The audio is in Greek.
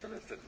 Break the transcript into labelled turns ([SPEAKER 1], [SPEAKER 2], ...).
[SPEAKER 1] Τελείστε.